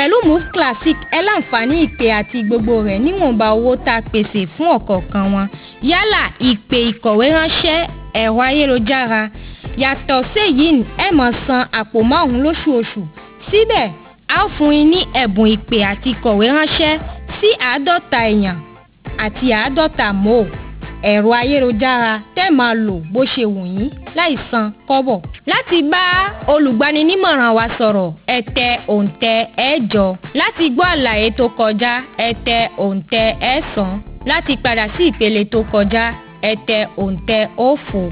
Pẹ̀lú Move Classic ẹ láǹfààní ìpè àti gbogbo rẹ̀ níwọ̀nba owó tá a pèsè fún ọ̀kọ̀ọ̀kan wọn yálà ìpè ìkọ̀wé ránṣẹ́ ẹ̀rọ ayélujára yàtọ̀ séyìí ẹ máa san àpò márùn-ún lóṣooṣù síbẹ̀ a ó fún yín ní ẹ̀bùn ìpè àti ìkọ̀wé ránṣẹ́ sí àádọ́ta èèyàn àti àádọ́ta mòó ẹ̀rọ ayélujára tẹ́ máa lò bó ṣe wù yín láì san kọ́bọ̀. láti bá olùgbaninímọ̀ràn wa sọ̀rọ̀ ẹ tẹ òǹtẹ̀ ẹ̀jọ láti gbọ́ àlàyé tó kọjá ẹ tẹ òǹtẹ̀ ẹ̀sán láti padà sí ìpele tó kọjá ẹ tẹ òǹtẹ̀ òfo.